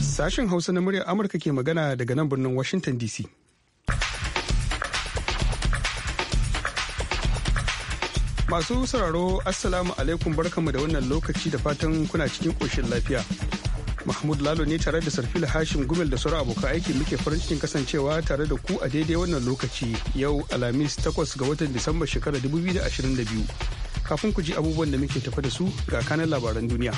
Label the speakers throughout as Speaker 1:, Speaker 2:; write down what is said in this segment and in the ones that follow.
Speaker 1: Sashen Hausa na muryar Amurka ke magana daga nan birnin Washington DC. Masu sauraro Assalamu alaikum barkamu da wannan lokaci da fatan kuna cikin ƙoshin lafiya. Mahmud Lalo ne tare da Sarfila Hashim Gumel da sauran abokan aiki muke farin cikin kasancewa tare da ku a daidai wannan lokaci yau Alhamis 8 ga watan Disamba shekarar 2022. Kafin ku ji abubuwan da muke tafa da su ga kanan labaran duniya.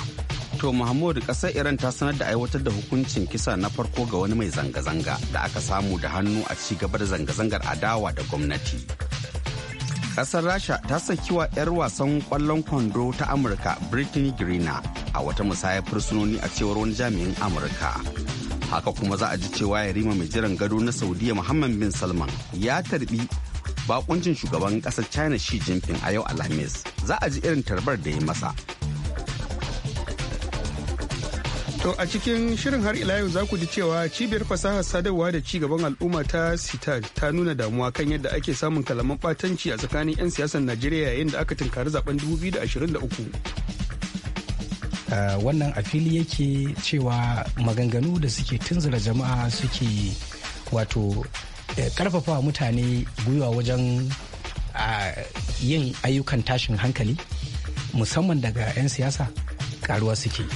Speaker 2: To Mahmud kasar Iran ta sanar da aiwatar da hukuncin kisa na farko ga wani mai zanga-zanga da aka samu da hannu a ci gaba da zanga-zangar adawa da gwamnati. kasar Rasha ta saki wa 'yar wasan kwallon kwando ta Amurka Brittany Griner a wata musayar fursunoni a cewar wani jami'in Amurka. Haka kuma za a ji cewa yarima mai jiran gado na Saudiya Muhammad bin Salman ya tarbi bakuncin shugaban ƙasar China Xi Jinping a yau Alhamis. Za a ji irin tarbar da ya masa
Speaker 1: To a cikin shirin har ila yau za ku ji cewa cibiyar fasahar sadarwa da ci gaban al'umma ta sitar ta nuna damuwa kan yadda ake samun kalaman batanci a tsakanin 'yan siyasar Najeriya yayin da aka tunkari zaben 2023.
Speaker 3: Wannan a fili yake cewa maganganu da suke tunzura jama'a suke wato karfafa eh, mutane gwiwa wajen yin ayyukan tashin hankali musamman daga 'yan siyasa karuwa suke.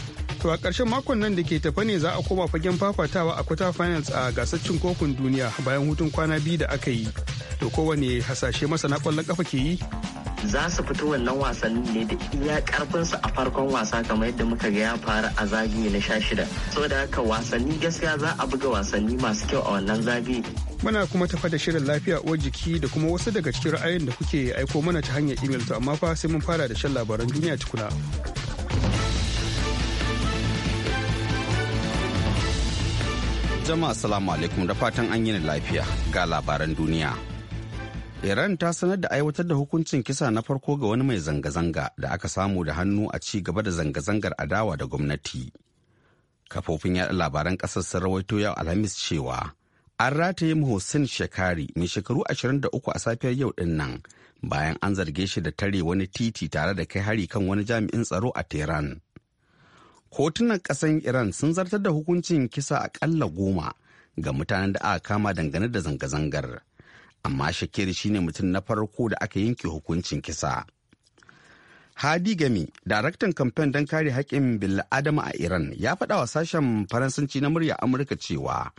Speaker 1: To a ƙarshen makon nan da ke tafa ne za a koma fagen fafatawa a kwata finals a gasar cin kofin duniya bayan hutun kwana biyu da aka yi. To kowane hasashe masana ƙwallon ƙafa ke yi?
Speaker 4: Za su fito wannan wasannin ne da iya ƙarfinsu a farkon wasa kamar yadda muka ga ya faru a zagi na sha shida. Saboda haka wasanni gaskiya za a buga wasanni masu kyau a wannan zagaye.
Speaker 1: Muna kuma tafa da shirin lafiya uwar jiki da kuma wasu daga cikin ra'ayin da kuke aiko mana ta hanyar imel to amma fa sai mun fara da shan labaran duniya tukuna.
Speaker 2: Jama'a salamu alaikum da fatan an yi lafiya ga labaran duniya. Iran ta sanar da aiwatar da hukuncin kisa na farko ga wani mai zanga-zanga da aka samu da hannu a ci gaba da zanga-zangar adawa da gwamnati. Kafofin yaɗa labaran ƙasar sun rawaito yau Alhamis cewa an rataye Hussein Shekari mai shekaru 23 a safiyar yau din nan bayan an zarge shi da tare wani titi tare da kai hari kan wani jami'in tsaro a Tehran. kotunan ƙasan iran sun zartar da hukuncin kisa aƙalla goma ga mutanen da aka kama dangane da zanga-zangar amma shakir shine mutum na farko da aka yanke hukuncin kisa hadi gami daraktan kamfen don kare haƙƙin bil'adama a iran ya faɗa wa sashen faransanci na murya amurka cewa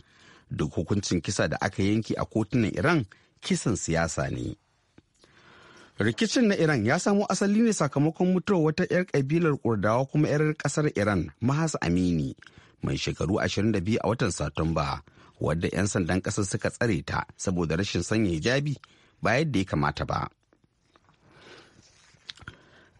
Speaker 2: duk hukuncin kisa da aka yanke a kotunan iran kisan siyasa ne rikicin na iran ya samo asali ne sakamakon mutuwar wata 'yar kabilar kurdawa kuma 'yar kasar iran mahasa amini mai shekaru 22 a watan satumba wadda 'yan sandan kasar suka tsare ta saboda rashin sanya hijabi ba yadda ya kamata ba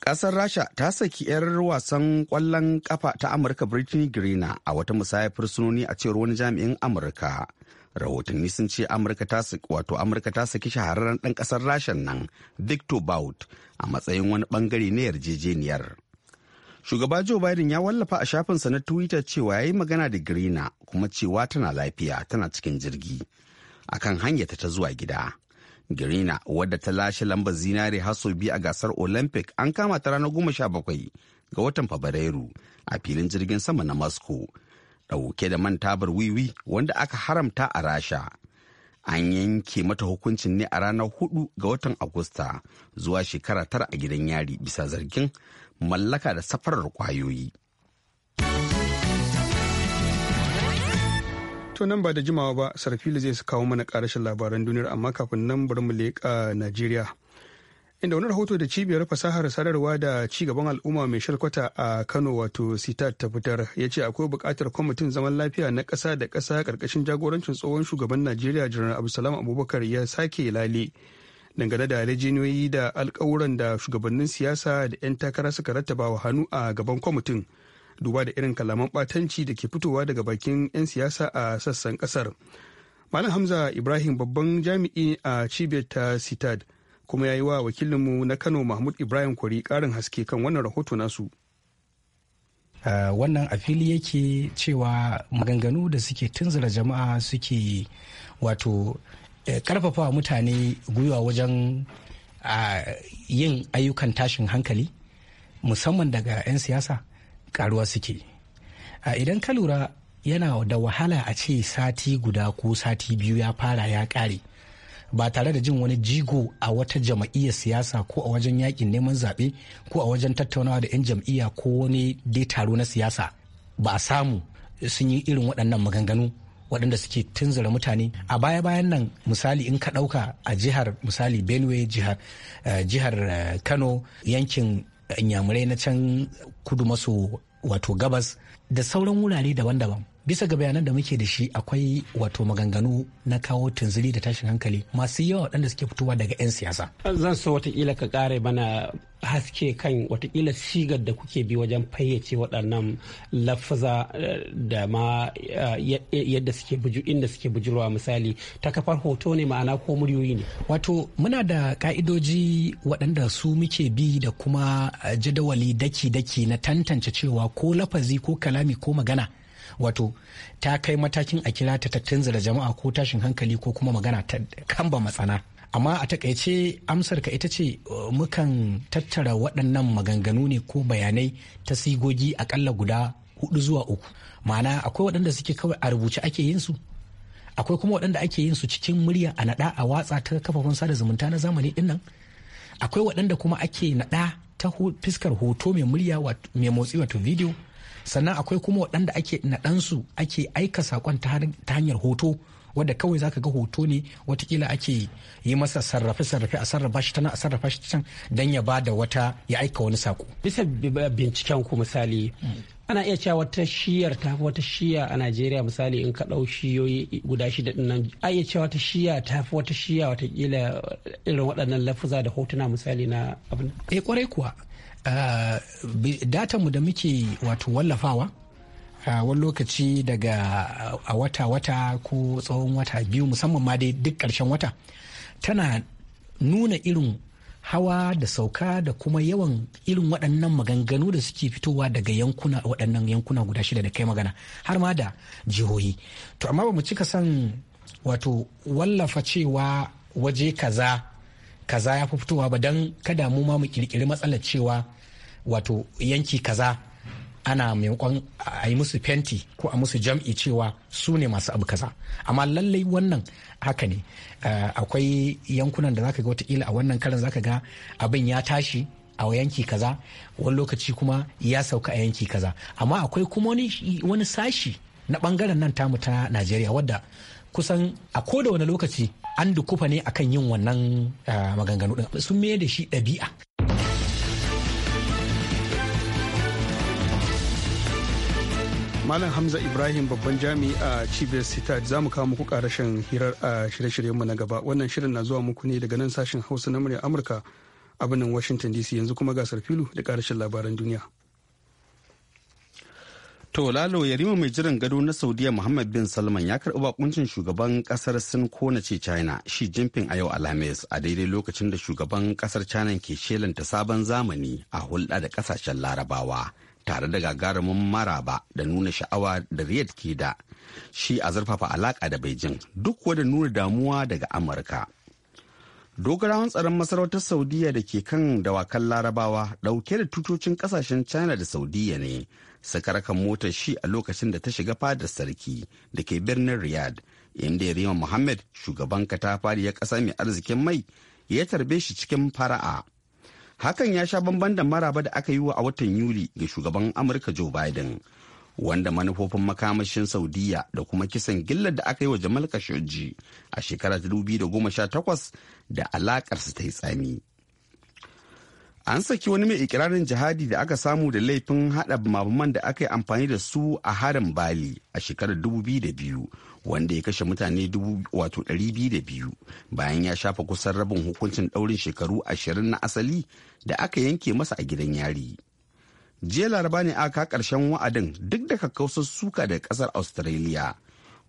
Speaker 2: kasar rasha ta saki 'yar wasan kwallon kafa ta amurka brittany greener a wata musayar fursunoni a cewar wani jami'in amurka rahotanni sun ce amurka ta wato amurka ta saki shahararren ɗan ƙasar rashen nan victor bout a matsayin wani ɓangare na yarjejeniyar shugaba joe biden ya wallafa a shafinsa na twitter cewa ya yi magana da grina kuma cewa tana lafiya tana cikin jirgi akan hanyarta ta zuwa gida grina wadda ta lashe lambar zinare har sau biyu a gasar olympic an kama ta ranar goma sha bakwai ga watan fabrairu a filin jirgin sama na moscow ɗauke da man tabar wiwi wanda aka haramta a rasha an yanke mata hukuncin ne a ranar hudu ga watan agusta zuwa shekara tara a gidan
Speaker 1: yari bisa zargin mallaka da safarar kwayoyi to nan ba da jimawa ba sarfili zai kawo mana karashin labaran duniyar amma kafin nan bari mu leƙa najeriya inda wani rahoto da cibiyar fasahar sadarwa da cigaban al'umma mai shalkwata a kano wato sitat ta fitar ya ce akwai bukatar kwamitin zaman lafiya na kasa da kasa karkashin jagorancin tsohon shugaban najeriya janar abdulsalam abubakar ya sake lale dangane da rijiyoyi da alƙawuran da shugabannin siyasa da 'yan takara suka rattaba wa hannu a gaban kwamitin duba da irin kalaman batanci da ke fitowa daga bakin 'yan siyasa a sassan ƙasar malam hamza ibrahim babban jami'i a cibiyar ta sitad kuma ya yi wa wakilinmu na kano mahmud ibrahim kwari karin haske kan wannan rahoto nasu
Speaker 3: Uh, wannan a fili yake cewa maganganu da suke tunzura jama'a suke wato karfafa eh, karfafa mutane gwiwa wajen uh, yin ayyukan tashin hankali musamman daga 'yan siyasa karuwa suke uh, idan ka lura yana da wahala a ce sati guda ko sati biyu ya fara ya kare ba tare da jin wani jigo a wata jam'iyyar siyasa ko a wajen yakin neman zaɓe ko a wajen tattaunawa da 'yan jam'iyya ko wani dai taro na siyasa ba a samu sun yi irin waɗannan maganganu waɗanda suke tunzura mutane a baya bayan nan misali in ka ɗauka a jihar misali benue jihar eh, jihar eh, kano yankin inyamurai na can kudu maso wato gabas da sauran wurare daban-daban bisa ga bayanan da muke da shi akwai wato maganganu na kawo tunziri da tashin hankali masu yawa waɗanda suke fitowa daga 'yan siyasa zan so watakila ka kare mana haske kan watakila sigar da kuke bi wajen fayyace waɗannan lafaza eh, da ma eh, yadda suke buju inda suke bujurwa misali ta kafar hoto ne ma'ana ko muryoyi ne wato muna da ka'idoji waɗanda su muke bi da kuma eh, jadawali daki-daki na tantance cewa ko lafazi ko kalami ko magana wato ta kai matakin a kira ta da jama'a ko tashin hankali ko kuma magana ta kamba matsana amma a takaice amsar ka ita ce uh, mukan tattara waɗannan maganganu ne ko bayanai ta sigogi akalla guda hudu zuwa uku ma'ana akwai waɗanda suke kawai a rubuce ake yin su akwai kuma waɗanda ake yin su cikin murya a naɗa a watsa ta kafafen sada zumunta na zamani ɗinnan akwai waɗanda kuma ake naɗa ta fiskar hoto mai murya mai motsi wato video sannan akwai kuma waɗanda ake naɗansu ake aika saƙon ta hanyar hoto wadda kawai zaka ga hoto ne watakila ake yi masa sarrafe-sarrafe a sarrafa shi tana a sarrafa shi can don ya bada wata ya aika wani sako. bisa binciken ku misali ana iya cewa wata shiyar ta fi wata shiya a najeriya misali in ka ɗau shiyoyi guda shida din nan a iya cewa wata shiya ta fi wata shiya watakila irin waɗannan lafuza da hotuna misali na abin. eh kwarai kuwa Uh, datanmu da muke wato wallafawa uh, wani lokaci daga uh, a wata-wata ko tsawon wata biyu musamman ma dai duk ƙarshen wata tana nuna irin hawa da sauka da kuma yawan irin waɗannan maganganu da suke fitowa daga yankuna waɗannan yankuna guda shida da kai magana har ma da jihohi to amma ba mu cika son wato wallafa cewa waje kaza kaza ya fi fitowa ba don kada mu ma mu kirkiri matsalar cewa wato yanki kaza ana maimakon a yi musu fenti ko a musu jam'i cewa su ne masu abu kaza amma lallai wannan haka ne eh, akwai yankunan da zaka ga watakila a wannan karin zaka ga abin ya tashi a yanki kaza wani lokaci kuma ya sauka a yanki kaza amma akwai kuma wani sashi na bangaren nan tamu ta najeriya wadda kusan a koda wani lokaci an dukufa ne akan yin wannan ah, maganganu din sun maye da shi ɗabi'a
Speaker 1: Malam Hamza Ibrahim babban jami'i a cibiyar sita za mu kawo muku karashin hirar a ah, shirye-shiryenmu na gaba. Wannan shirin na zuwa muku ne daga nan sashen Hausa na murya Amurka a birnin Washington DC yanzu kuma gasar filu da karashin labaran duniya. To Lalo Yarima
Speaker 2: mai jiran gado na Saudiya Muhammad bin Salman ya karɓi bakuncin shugaban kasar Sin ko na ce China Shi Jimfin a yau Alhamis a daidai lokacin da shugaban kasar China ke shelanta sabon zamani a hulɗa da ƙasashen Larabawa tare da gagarumin maraba da nuna sha'awa da Riyadh ke da shi a zarfafa alaƙa da Beijing duk wanda nuna damuwa daga Amurka. dogarawan tsaron masarautar saudiya da ke kan dawakan larabawa dauke da tutocin kasashen china da saudiya ne sakarakan motar shi a lokacin da ta shiga fadar sarki da ke birnin Riyad, inda yarima muhammad shugaban katafari ya kasa mai arzikin mai ya tarbe shi cikin fara'a hakan ya sha bamban da maraba da aka yi wa a watan yuli ga shugaban amurka joe biden wanda manufofin makamashin saudiya da kuma kisan gillar da aka yi wa jamal khashoggi a shekarar 2018 da alakarsa ta yi tsami an saki wani mai ikirarin jihadi da aka samu da laifin hada mabuman da aka yi amfani da su a harin bali a shekarar 2002 wanda ya kashe mutane 200,000 bayan ya shafa kusan rabin hukuncin daurin shekaru 20 na asali da aka yanke masa a gidan yari jiya laraba ne aka karshen wa'adin duk da kakkausar suka daga kasar australia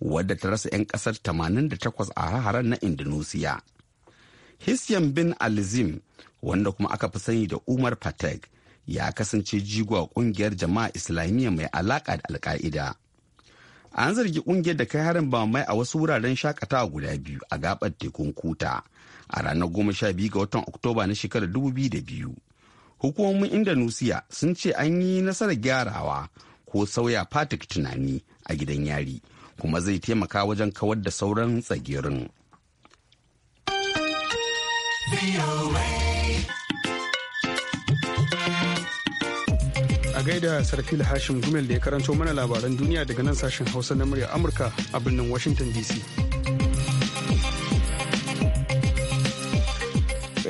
Speaker 2: wadda ta rasa 'yan kasar 88 a haran na indonesia Hisyan bin alizim wanda kuma aka fi sani da Umar Patek ya kasance jigo a kungiyar jama'a Islamiyya mai alaƙa da Alka'ida. An zargi kungiyar da kai harin bamai a wasu wuraren shakatawa guda biyu a gabar tekun Kuta a ranar goma sha biyu ga watan Oktoba na shekarar dubu biyu da biyu. Hukumomin Indonesia sun ce an yi nasarar gyarawa ko sauya Fatik tunani a gidan yari kuma zai taimaka wajen kawar da sauran tsagirin.
Speaker 4: A
Speaker 1: gaida Sarfil Hashim Gumel da ya karanto mana labaran duniya daga nan sashen Hausa na murya Amurka a birnin Washington DC.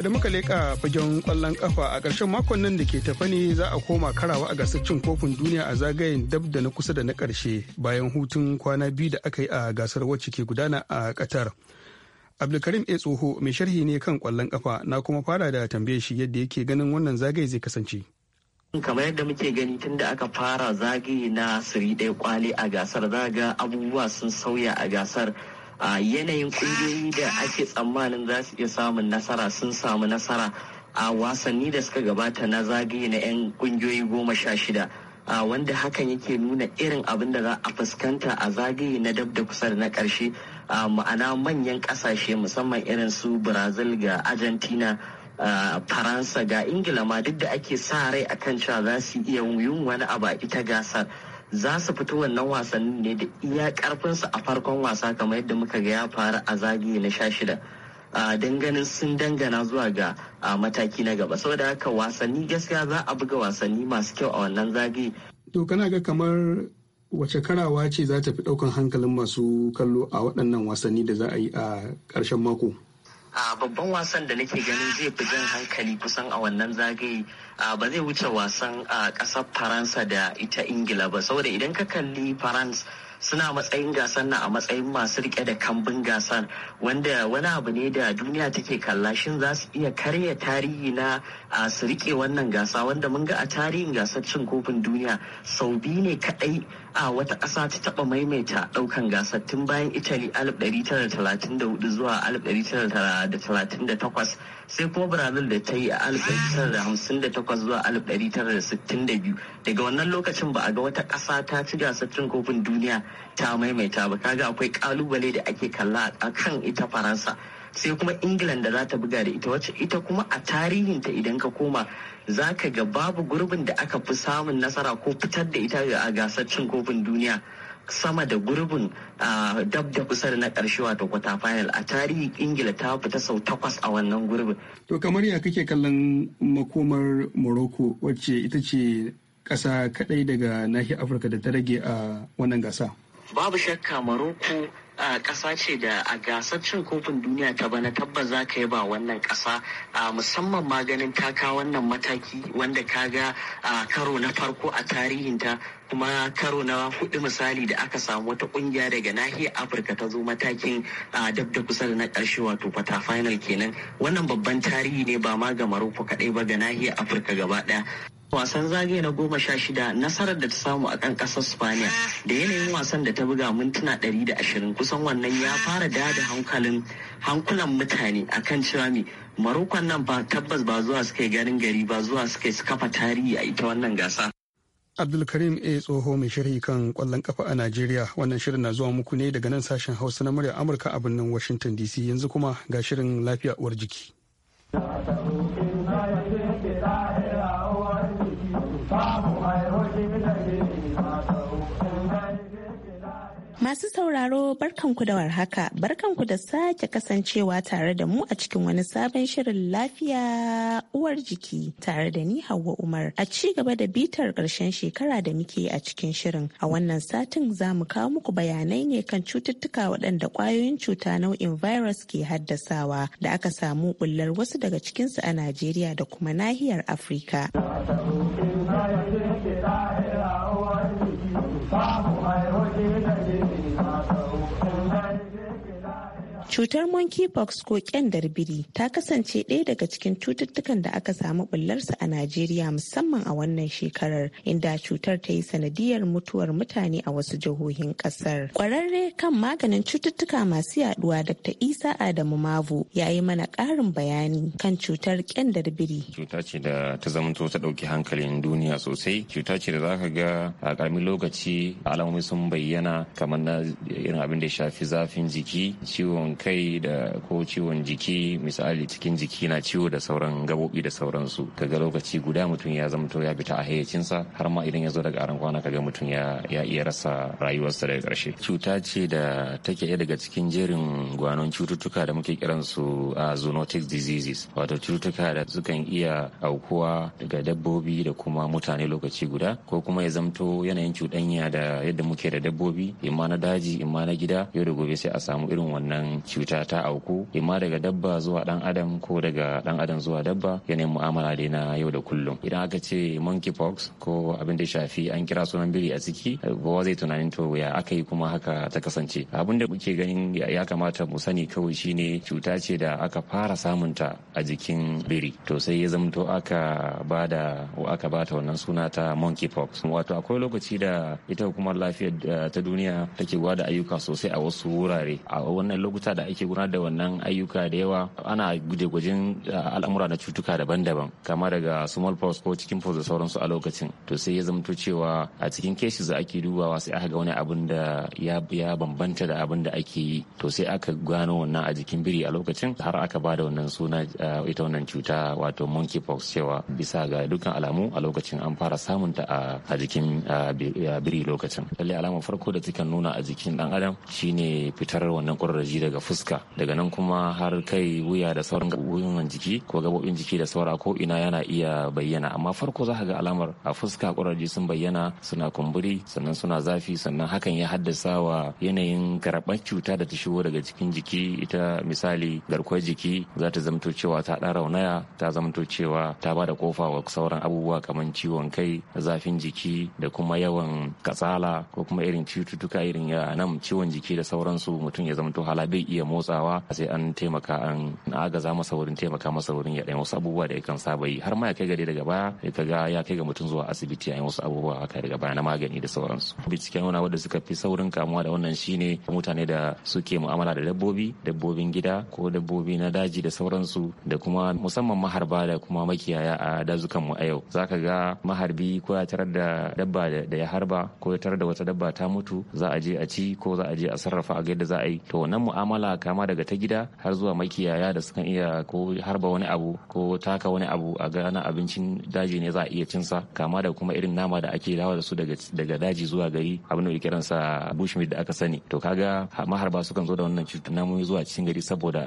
Speaker 1: da muka leƙa fagen kwallon kafa a ƙarshen makon nan da ke tafa ne za a koma karawa a gasar cin kofin duniya a zagayen dab da na kusa da na ƙarshe bayan hutun kwana biyu da aka yi a gasar wacce ke gudana a ƙatar. abdulkarim a tsoho mai sharhi ne kan kwallon kafa na kuma fara da tambaye shi yadda yake ganin wannan zagaye zai kasance
Speaker 4: kamar yadda muke gani tun da aka fara zagaye na siri ɗaya kwali a gasar zaga abubuwa sun sauya a gasar a yanayin ƙungiyoyi da ake tsammanin za su iya samun nasara sun samu nasara a wasanni da suka gabata na zagaye na 'yan ƙungiyoyi goma sha shida a wanda hakan yake nuna irin abin da za a fuskanta a zagaye na dab da kusa da na karshe. ma'ana manyan kasashe musamman irin su brazil ga argentina faransa ga ingila ma duk da ake sa rai a kan cewa za su iya yin wani abu a ita gasar za su fito wannan wasannin ne da iya karfinsu a farkon wasa kamar yadda muka ga ya faru a zagi na sha shida uh, sun dangana zuwa ga mataki na gaba saboda haka wasanni gaskiya za a buga wasanni masu kyau a wannan zagi.
Speaker 1: to kana ga kamar wace karawa ce za ta fi daukan hankalin masu kallo a waɗannan wasanni da za a yi a ƙarshen mako?
Speaker 4: a babban wasan da nake ganin zai fi jan hankali kusan a wannan zagaye ba zai wuce wasan a ƙasar faransa da ita ingila ba saboda idan ka kalli faransa suna matsayin gasar na a matsayin masu rike da kambin gasar wanda wani abu ne da duniya take kalla shin za su iya karya tarihi na a su rike wannan gasa wanda mun ga a tarihin gasar cin kofin duniya sau biyu ne kadai a wata ƙasa ta taɓa maimaita ɗaukan gasar tun bayan Italy 1934 zuwa 1938 sai kuma Brazil da ta yi a 1958 zuwa 1962 daga wannan lokacin ba a ga wata ƙasa ta ci gasar cin kofin duniya ta maimaita ba kaga akwai ƙalubale da ake kalla a kan ita Faransa. sai kuma england da za ta buga da ita wacce ita kuma a tarihinta idan ka koma za ka ga babu gurbin da aka fi samun nasara ko fitar da ita a gasar cin kofin duniya sama da gurbin dab da kusur na karshe wato kwata final a tarihi ingila ta fita sau takwas a wannan gurbin.
Speaker 1: to kamar ya kake kallon makomar morocco wacce ita ce ƙasa kaɗai daga nahiyar afirka da ta rage a wannan gasa.
Speaker 4: babu shakka morocco. ƙasa ce da a gasar cin kofin duniya ta bana tabbas za ka yi ba wannan ƙasa musamman maganin taka wannan mataki wanda ka ga karo na farko a tarihinta kuma karo na hudu misali da aka samu wata kungiya daga nahiyar afirka ta zo matakin dab da kusa da na karshe wato kwata final kenan wannan babban tarihi ne ba ma ga maroko kaɗai ba ga nahiyar afirka gaba ɗaya wasan zagaye na goma sha shida nasarar da ta samu a kan kasar spaniya da yanayin wasan da ta buga mintuna ɗari da ashirin kusan wannan ya fara dada hankalin hankulan mutane akan cewa me marokon nan ba tabbas ba zuwa suka ganin gari ba zuwa suka yi kafa tarihi a ita wannan gasa
Speaker 1: abdulkarim a tsoho mai sharhi kan kwallon kafa a najeriya wannan shirin na zuwa muku ne daga nan sashen hausa na murya amurka a birnin washington dc yanzu kuma ga shirin lafiya uwar jiki
Speaker 5: Masu sauraro barkanku da warhaka, barkanku da sake kasancewa tare da mu a cikin wani sabon shirin lafiya uwar jiki tare da ni Hauwa Umar. A ci gaba da bitar ƙarshen shekara da muke a cikin shirin. A wannan satin za mu kawo muku bayanai ne kan cututtuka waɗanda ƙwayoyin cuta nau'in virus ke haddasawa da aka samu ɓullar wasu daga cikinsu a Najeriya da kuma nahiyar Afirka. Cutar monkeypox ko kyandar biri ta kasance ɗaya daga cikin cututtukan da aka samu bullarsa a Najeriya musamman a wannan shekarar inda cutar ta yi sanadiyar mutuwar mutane a wasu jihohin ƙasar. Ƙwararre kan maganin cututtuka masu yaduwa Dr. Isa Adamu Mavu ya yi mana ƙarin bayani kan cutar kyandar biri.
Speaker 6: Cuta ce da ta zamanto ta ɗauki hankalin duniya sosai. Cuta ce da za ka ga a ƙaramin lokaci alamomi sun bayyana kamar na irin abin da ya shafi zafin jiki, ciwon kai kai da ko ciwon jiki misali cikin jiki na ciwo da sauran gabobi da sauransu kaga lokaci guda mutum ya zamto ya fita a hayyacinsa har ma idan ya zo daga aron kwana kaga mutum ya iya rasa rayuwarsa daga karshe cuta ce da take ɗaya daga cikin jerin gwanon cututtuka da muke kiransu a zoonotic diseases wato cututtuka da sukan iya aukuwa daga dabbobi da kuma mutane lokaci guda ko kuma ya zamto yanayin cuɗanya da yadda muke da dabbobi imma na daji imma na gida yau da gobe sai a samu irin wannan cuta cuta ta auku imma daga dabba zuwa dan adam ko daga dan adam zuwa dabba yanayin mu'amala dai na yau da kullum idan aka ce monkey pox ko abin da shafi an kira sunan biri a ciki kowa zai tunanin to ya aka yi kuma haka ta kasance abin da muke ganin ya kamata mu sani kawai shine cuta ce da aka fara samunta a jikin biri to sai ya zamto aka bada aka bata wannan suna ta monkey pox wato akwai lokaci da ita hukumar lafiyar eh, ta duniya take gwada ayyuka sosai a wasu wurare a wannan lokuta da ake gudanar da wannan ayyuka da yawa ana guje-gujen eh, al'amura na cutuka daban-daban kama daga smallpox ko cikin pox da sauransu a lokacin to sai ya zamto cewa a cikin cases da ake dubawa sai aka ga wani abin da ya bambanta da abin da ake yi to sai aka gano wannan a jikin biri a lokacin har aka ba da wannan suna eh, ita wannan cuta wato monkeypox cewa bisa ga dukkan alamu a lokacin an fara samun ta a jikin eh, biri lokacin lalle alamar farko da takan nuna a jikin dan adam shine fitar wannan kwararraji daga fuska daga nan kuma har kai wuya da sauran gaɓoɓin jiki ko gabobin jiki da saura ko ina yana iya bayyana amma farko za ka ga alamar a fuska kuraje sun bayyana suna kumburi sannan suna zafi sannan hakan ya haddasa wa yanayin karɓar cuta da ta shigo daga cikin jiki ita misali garkuwar jiki za ta zamto cewa ta ɗan raunaya ta zamto cewa ta ba da kofa wa sauran abubuwa kamar ciwon kai zafin jiki da kuma yawan kasala ko kuma irin cututtuka irin ya nan ciwon jiki da sauransu mutum ya zamto hala bai iya iya motsawa sai an taimaka an agaza masa wurin taimaka masa wurin ya wasu abubuwa da yakan saba yi har ma ya kai gari daga baya ya kaga ya kai ga mutum zuwa asibiti a wasu abubuwa haka daga baya na magani da sauransu binciken wani wanda suka fi saurin kamuwa da wannan shine mutane da suke mu'amala da dabbobi dabbobin gida ko dabbobi na daji da sauransu da kuma musamman maharba da kuma makiyaya a dazukan mu a yau zaka ga maharbi ko ya tarar da dabba da ya harba ko ya tarar da wata dabba ta mutu za a je a ci ko za a je a sarrafa a ga yadda za a yi to wannan mu'amala jama'a kama daga ta gida har zuwa makiyaya da sukan iya ko harba wani abu ko taka wani abu a gana abincin daji ne za a iya cinsa kama da kuma irin nama da ake dawa da su daga daji zuwa gari abin da kiransa bushmeat da aka sani to kaga maharba sukan zo da wannan cutar namomi zuwa cikin gari saboda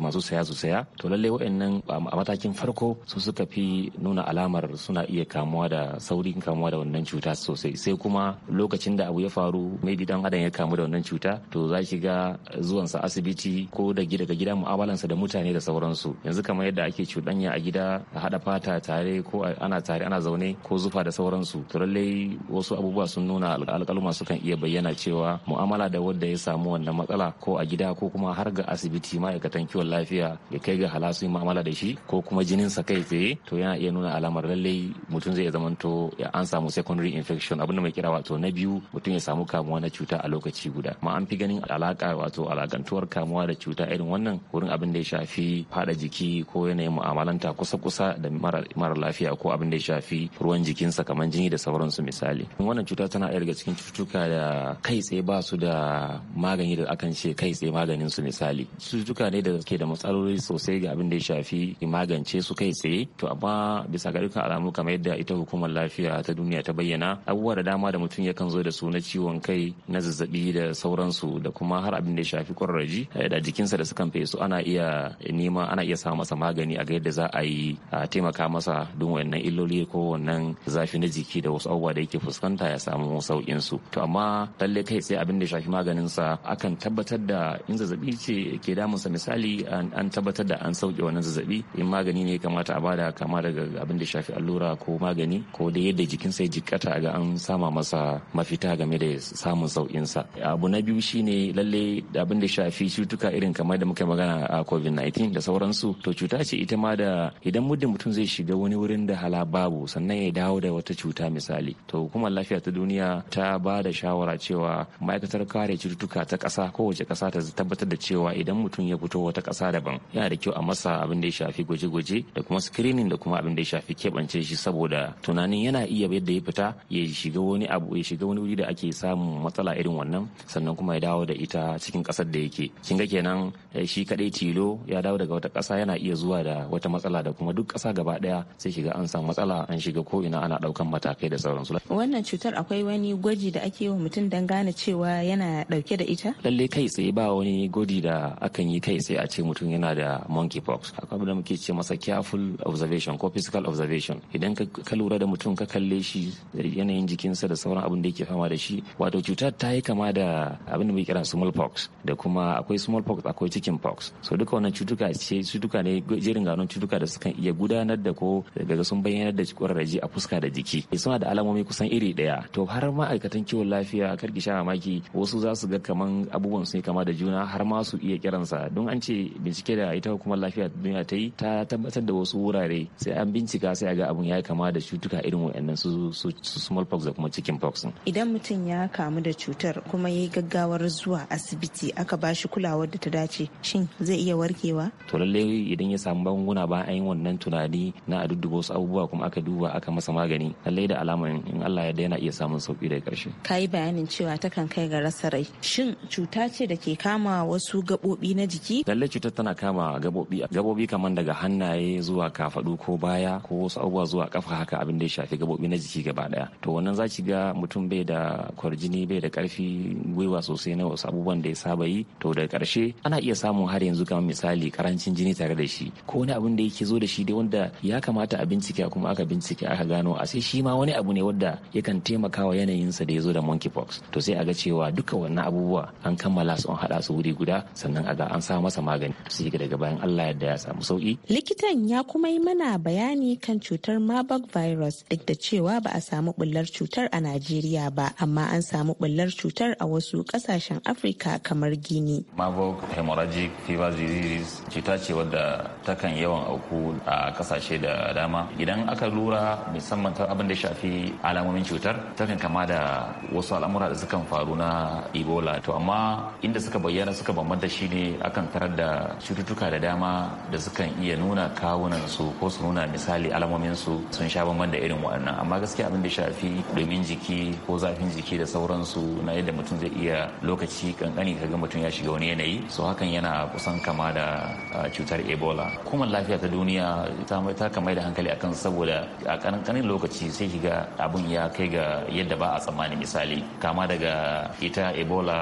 Speaker 6: masu saya su saya to lallai wa'annan a matakin farko su suka fi nuna alamar suna iya kamuwa da saurin kamuwa da wannan cuta sosai sai kuma lokacin da abu ya faru maybe dan adam ya kamu da wannan cuta to za ki ga zuwansa asibiti asibiti ko da daga gida mu'amalansa da mutane da sauransu yanzu kamar yadda ake cuɗanya a gida a haɗa fata tare ko ana tare ana zaune ko zufa da sauransu to lallai wasu abubuwa sun nuna alƙaluma sukan iya bayyana cewa mu'amala da wanda ya samu wannan matsala ko a gida ko kuma har ga asibiti ma'aikatan kiwon lafiya ya kai ga halasu mu'amala da shi ko kuma jininsa kai tsaye to yana iya nuna alamar lallai mutum zai zamanto ya an samu secondary infection abin da mai kira wato na biyu mutum ya samu kamuwa na cuta a lokaci guda ma an fi ganin alaka wato alakantuwar kamuwa da cuta irin wannan wurin abin da ya shafi fada jiki ko yanayin mu'amalanta kusa-kusa da mara lafiya ko abin da ya shafi ruwan jikinsa kamar jini da sauransu misali wannan cuta tana ɗaya daga cikin cututtuka da kai tsaye ba su da magani da akan ce kai tsaye maganin su misali cututtuka ne da ke da matsaloli sosai ga abin da ya shafi magance su kai tsaye to amma bisa ga dukkan alamu kamar yadda ita hukumar lafiya ta duniya ta bayyana abubuwa da dama da mutum yakan zo da su na ciwon kai na zazzabi da sauransu da kuma har abin da ya shafi kwararraji Eh, da jikinsa da sukan fesu ana iya nema ana iya samu masa magani a ga yadda za a yi a taimaka masa don wannan illoli ko wannan zafi na jiki da wasu abubuwa da yake fuskanta ya samu saukin su to amma lalle kai sai abin da shafi maganin sa akan tabbatar da in zazzabi ce ke damunsa misali an tabbatar da an sauke wannan zazzabi in magani ne kamata a bada kama daga abin da shafi allura ko magani ko da yadda jikinsa ya jikkata ga an sama masa mafita game da samun sauƙin sa abu na biyu shine lalle abin da shafi cutuka irin kamar da muka magana a covid-19 da sauransu to cuta ce ita ma da idan muddin mutum zai shiga wani wurin da hala babu sannan ya dawo da wata cuta misali to hukumar lafiya ta duniya ta ba da shawara cewa ma'aikatar kare cututtuka ta ƙasa kowace kasa ta tabbatar da cewa idan mutum ya fito wata ƙasa daban yana da kyau a masa abin da ya shafi gwaje-gwaje da kuma screening da kuma abin da ya shafi keɓance shi saboda tunanin yana iya yadda ya fita ya shiga wani abu ya shiga wani wuri da ake samun matsala irin wannan sannan kuma ya dawo da ita cikin ƙasar da yake kin ga kenan eh, shi kadai tilo ya dawo daga wata kasa yana iya zuwa da wata matsala da kuma duk kasa gaba ɗaya sai shiga an san matsala an shiga ko ina ana ɗaukan matakai da su.
Speaker 5: Wannan cutar akwai wani gwaji da ake wa mutum don gane cewa yana dauke da ita?
Speaker 6: Lalle kai tsaye ba wani gwaji da akan yi kai tsaye a ce mutum yana da monkeypox. Akwai abin da muke ce masa careful observation ko physical observation. Idan ka lura da mutum ka kalle shi yanayin jikinsa da sauran abin da yake fama da shi wato cutar ta yi kama da abin da muke kira smallpox da kuma akwai smallpox akwai chickenpox so duka wannan cutuka ce cutuka ne jerin ganon cutuka da suka iya gudanar da ko daga sun bayyana da kwararraji a fuska da jiki eh, suna da alamomi kusan iri daya to har ma'aikatan kiwon lafiya kar ki sha mamaki wasu za su ga kaman abubuwan su ne kama da juna har ma su iya kiransa don an ce bincike da ita kuma lafiya duniya ta yi ta tabbatar da wasu wurare sai an bincika sai a ga abun ya kama da cutuka irin waɗannan su smallpox da kuma chickenpox
Speaker 5: idan mutum ya kamu da cutar kuma ya yi gaggawar zuwa asibiti aka bashi. kulawar da ta dace shin zai iya warkewa
Speaker 6: to lallai idan ya samu magunguna ba a yi wannan tunani na a dudduba wasu abubuwa kuma aka duba aka masa magani lalle da alama in Allah ya daina iya samun sauki daga karshe
Speaker 5: kai bayanin cewa ta kan kai ga rasa rai shin cuta ce da ke kama wasu gabobi na jiki
Speaker 6: lalle cutar tana kama gabobi gabobi kamar daga hannaye zuwa kafadu ko baya ko wasu abubuwa zuwa kafa haka abin da ya shafi gabobi na jiki gaba daya to wannan za ki ga mutum bai da kwarjini bai da karfi gwiwa sosai na wasu abubuwan da ya saba yi to daga karshe ana iya samun har yanzu kamar misali karancin jini tare da shi ko wani abin da yake zo da shi dai wanda ya kamata a bincike kuma aka bincike aka gano a sai shi ma wani abu ne wanda yakan taimaka wa yanayinsa da ya zo da monkeypox to sai a ga cewa duka wannan abubuwa an kammala su an haɗa su wuri guda sannan a ga an sa masa magani sai ga daga bayan Allah ya ya samu sauki
Speaker 5: likitan ya kuma yi mana bayani kan cutar Marburg virus duk da cewa ba a samu bullar cutar a Najeriya ba amma an samu bullar cutar a wasu ƙasashen Afirka kamar Gini
Speaker 6: Marburg hemorrhagic fever disease cuta ce wadda takan yawan auku a kasashe da dama. Idan aka lura musamman ta abin da shafi alamomin cutar takan kama da wasu al'amura da suka faru na Ebola. To amma inda suka bayyana suka bambanta ne akan tarar da cututtuka da dama da sukan iya nuna kawunan su ko su nuna misali alamomin su sun sha bamban da irin waɗannan amma gaskiya abin da shafi domin jiki ko zafin jiki da sauransu na yadda mutum zai iya lokaci kankani kaga mutum ya shiga wani yanayi so hakan yana kusan kama da ah, cutar ebola kuma lafiya ta duniya ta kamar da hankali akan saboda a kankanin lokaci sai shiga abun ya kai ga yadda ba a tsammani misali kama daga ita ebola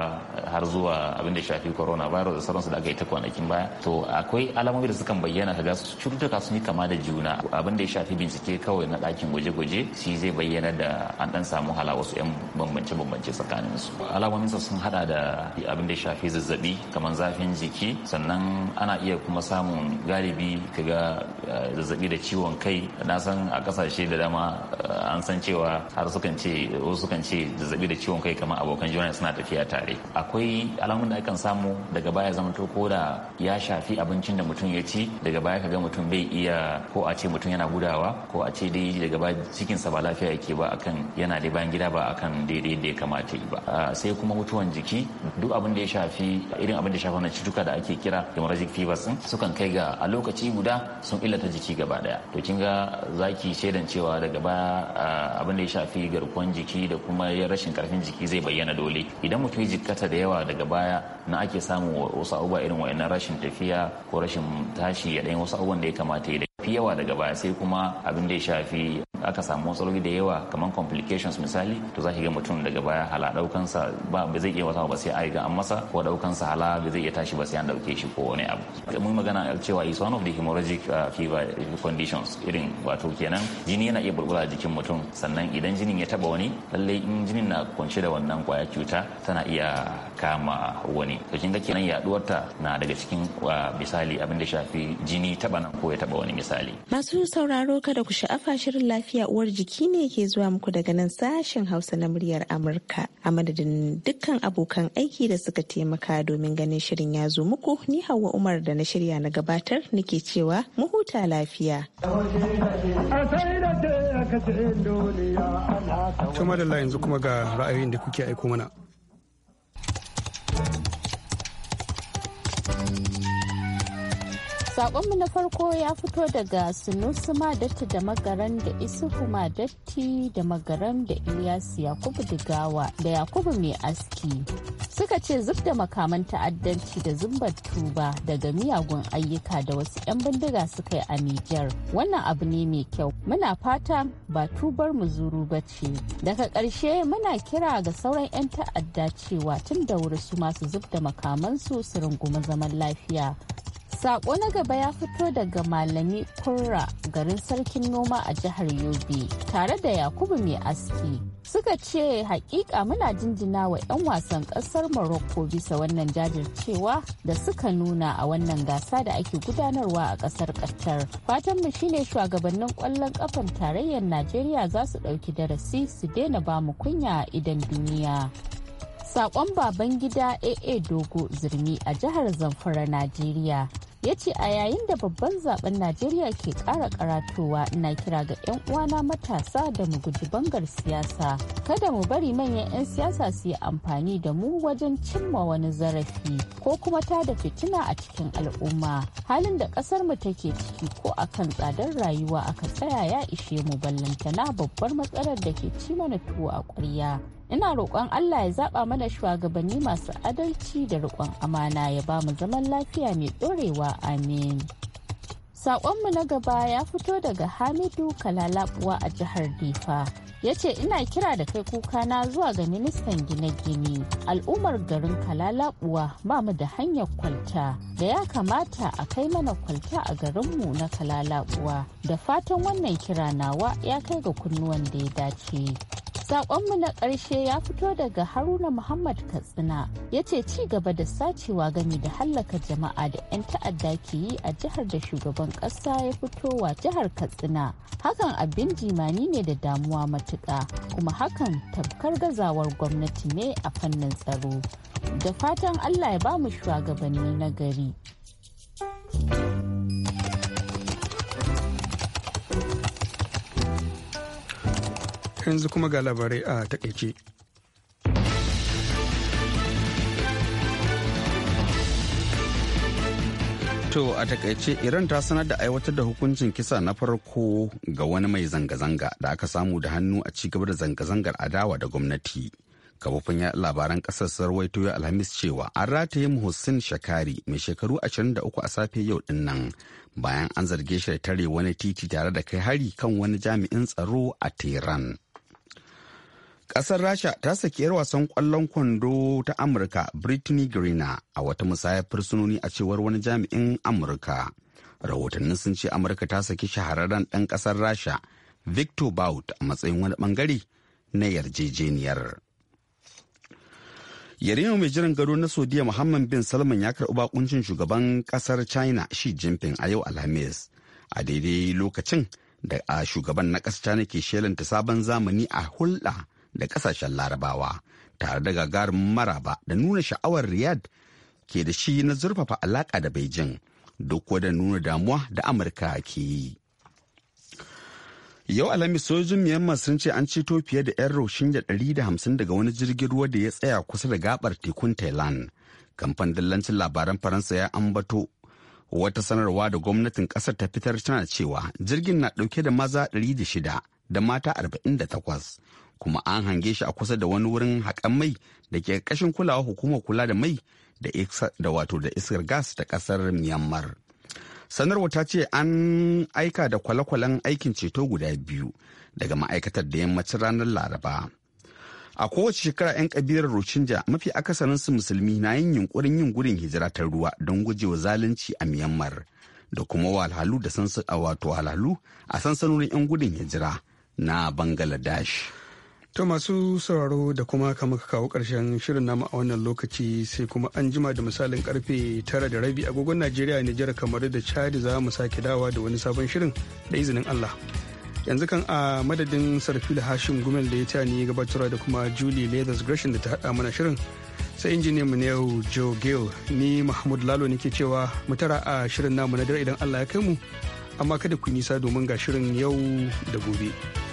Speaker 6: har zuwa abin da shafi coronavirus da sauransu da aka yi ta kwanakin baya to akwai alamomi da sukan bayyana kaga cututtuka sun yi kama da juna abin da ya shafi bincike kawai na dakin gwaje-gwaje shi zai bayyana da an dan samu hala wasu 'yan bambance-bambance tsakaninsu alamominsa sun hada da abin da ya shafi zazzabi zazzabi kamar zafin jiki sannan ana iya kuma samun galibi kaga eh, zazzabi da ciwon kai na san a kasashe da dama eh, an san cewa har sukan ce wasu sukan ce zazzabi da ciwon kai kamar abokan juna suna tafiya tare akwai alamun da akan samu daga baya zama to ko da ya shafi abincin da mutum ya ci daga baya kaga mutum bai iya ko a ce mutum yana gudawa ko a ce dai daga baya cikinsa ba lafiya yake ba akan yana da bayan gida ba akan daidai da ya kamata ba ah, sai kuma mutuwan jiki duk abin da ya shafi irin abin da shafa na cutuka da ake kira hemorrhagic fevers din sukan kai ga a lokaci guda sun illata jiki gaba daya to kin ga zaki shaidan cewa daga baya abin da ya shafi garkuwan jiki da kuma rashin karfin jiki zai bayyana dole idan mutum ya jikkata da yawa daga baya na ake samun wasu abubuwa irin wa'annan rashin tafiya ko rashin tashi ya ɗayan wasu abubuwan da ya kamata ya fi yawa daga baya sai kuma abin da ya shafi aka samu matsaloli da yawa kamar complications misali to za ki ga mutum daga baya hala daukansa ba ba zai iya wata ba sai a ga an masa ko daukansa hala ba zai iya tashi ba sai an dauke shi ko wani abu mun magana cewa is one of the hemorrhagic uh, fever conditions irin wato kenan jini yana iya bulbula jikin mutum sannan idan jinin ya taba wani lalle in jinin na kunshe da wannan kwaya cuta tana iya kama wani to kin ga kenan yaduwar ta na daga cikin uh, misali abin da shafi jini taba nan ko ya taba wani misali misali.
Speaker 5: Masu sauraro kada ku sha'afa shirin lafiya uwar jiki ne ke zuwa muku daga nan sashen Hausa na muryar Amurka. A madadin dukkan abokan aiki da suka taimaka domin ganin shirin ya zo muku ni Hauwa Umar da na shirya na gabatar nake cewa mu huta lafiya.
Speaker 1: Tuma da yanzu kuma ga ra'ayoyin da kuke aiko mana.
Speaker 7: Sakonmu na farko ya fito daga Sunusu Madatti da Magaran da ma Madatti da Magaran da Ilyas Yakubu Digawa da Yakubu Mai Aski. Suka ce zub da makaman ta'addanci da zumbar tuba daga miyagun ayyuka da wasu 'yan bindiga suka yi a Nijar. Wannan abu ne mai kyau. Muna fata ba tubar mu zuru ba ce. Daga ƙarshe muna kira ga sauran 'yan ta'adda cewa tun da wuri su masu zub da makamansu su rungumi zaman lafiya. Sako na gaba ya fito daga Malami Kurra garin Sarkin Noma a jihar Yobe tare da Yakubu Mai Aski. Suka ce hakika muna jinjina wa 'yan wasan ƙasar Morocco bisa wannan jajircewa da suka nuna a wannan gasa da ake gudanarwa a kasar Qatar. Fatanmu shine shugabannin ƙwallon kafan tarayyar Najeriya za su ɗauki darasi su daina ba mu kunya idan duniya. sakon baban gida aa dogo zirmi a jihar zamfara najeriya ya ce a yayin da babban zaben najeriya ke kara karatowa na kira ga 'yan uwana matasa da mu guji bangar siyasa kada mu bari manyan 'yan siyasa su yi amfani da mu wajen cimma wani zarafi ko kuma ta da fitina a cikin al'umma halin da kasar mu take ciki ko akan tsadar rayuwa aka tsaya ya ishe mu ballantana babbar matsalar da ke ci mana tuwo a ƙwarya ina roƙon allah ya zaɓa mana shugabanni masu adalci da roƙon amana ya ba mu zaman lafiya mai ɗorewa amin Saƙonmu na gaba ya fito daga Hamidu Kalalabuwa a jihar Difa. Ya ce ina kira da kai kukana zuwa ga ministan gine-gine al'ummar garin Kalalabuwa ba mu da hanyar kwalta da ya kamata a kai mana kwalta a garinmu na Kalalabuwa. Da fatan wannan kira nawa ya kai ga kunnuwan da ya dace. Sakonmu na ƙarshe ya fito daga Haruna Muhammad Katsina ya ce ci gaba da sacewa gami da hallaka jama'a da 'yan ta'adda ke yi a jihar da shugaban ƙasa ya fitowa jihar Katsina. Hakan abin jimani ne da damuwa matuƙa kuma hakan tabkar gazawar gwamnati ne a fannin tsaro. Da fatan Allah ya ba mu shugabanni na gari.
Speaker 1: yanzu kuma ga labarai a takaice. To a takaice
Speaker 2: Iran ta sanar da aiwatar da hukuncin kisa na farko ga wani mai zanga-zanga da aka samu da hannu a ci gaba da zanga-zangar adawa da gwamnati. Kafofin ya labaran kasar sarwaito ya alhamis cewa an rataye Hussein Shakari mai shekaru 23 a safe yau din nan bayan an zarge shi da tare wani titi tare da kai hari kan wani jami'in tsaro a Tehran. Ƙasar Rasha ta saki 'yar wasan kwallon kwando ta Amurka Brittany Griner a wata musayar fursunoni a cewar wani jami'in Amurka. rahotannin sun ce Amurka ta saki shahararren ɗan ƙasar Rasha Victor Bout a matsayin wani ɓangare na yarjejeniyar. Yarima mai jiran gado na Saudiya Muhammad bin Salman ya karɓi bakuncin shugaban ƙasar China Xi Jinping a yau Alhamis. A daidai lokacin da shugaban na ƙasar China ke shelanta sabon zamani a hulɗa da kasashen larabawa tare da gagarumin maraba da nuna sha'awar Riyad, ke da shi na zurfafa alaka da beijing duk da nuna damuwa da amurka ke yi yau alhamis sojin myanmar sun ce an ceto fiye da 'yan da 150 daga wani jirgin ruwa da ya tsaya kusa da gabar tekun thailand kamfan dillancin labaran faransa ya ambato wata sanarwa da gwamnatin kasar ta fitar tana cewa jirgin na dauke da maza 106 da da mata 48 kuma an hange shi a kusa da wani wurin haƙan mai da ke kulawa hukumar kula da mai da wato da iskar gas da ƙasar myanmar sanarwa ta ce an aika da kwale-kwalen aikin ceto guda biyu daga ma'aikatar da yammacin ranar laraba a kowace shekara 'yan kabilar rochinja mafi akasarin su musulmi na yin yunkurin yin gudun hijira ta ruwa don gujewa zalunci a myanmar da kuma walhalu da a wato a sansanonin 'yan gudun hijira na bangladesh
Speaker 1: To masu sauraro da kuma kama ka kawo ƙarshen shirin namu a wannan lokaci sai kuma an jima da misalin karfe tara da rabi agogon Najeriya Nijar kamar da Chad za mu sake dawa da wani sabon shirin da izinin Allah. Yanzu kan a madadin Sarfila Hashim Gumel da ya ta ni gabatarwa da kuma Julie Leathers Gresham da ta haɗa mana shirin sai injiniyan mu na yau Joe Gale ni Mahmud Lalo ke cewa mu tara a shirin namu na dare idan Allah ya kai mu amma kada ku nisa domin ga shirin yau da gobe.